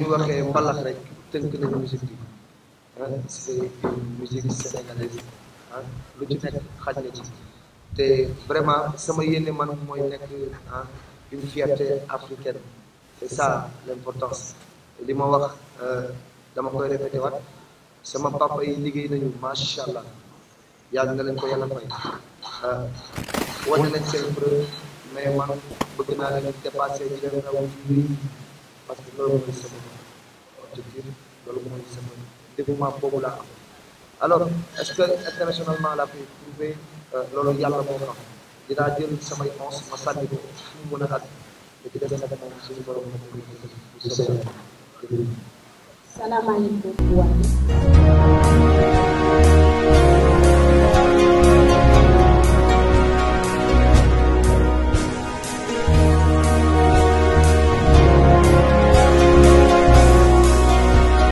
ñu waxee mbalax rek tënk nañu musique bi ah c'est lu ci nekk xaj na ci te vraiment sama yéene man mooy nekk ah une fierté africaine c'est ça l'importance li ma wax euh, dama koy répété sama papa yi liggéey nañu macha allah yàlla na leen ko yàlla fay ah, wane nañ seen preuve mais man bëgg naa leen dépassé di leen raw loolu mooy sama objectif loolu mooy sama développement boobu laa am alors est-ce que internationalement la koy prouver euh, loolu yàlla moo xam dinaa jël samay once ma sànni ko fu mu mën a at te ci des nag moom suñu borom moom mooy. salaamaaleykum.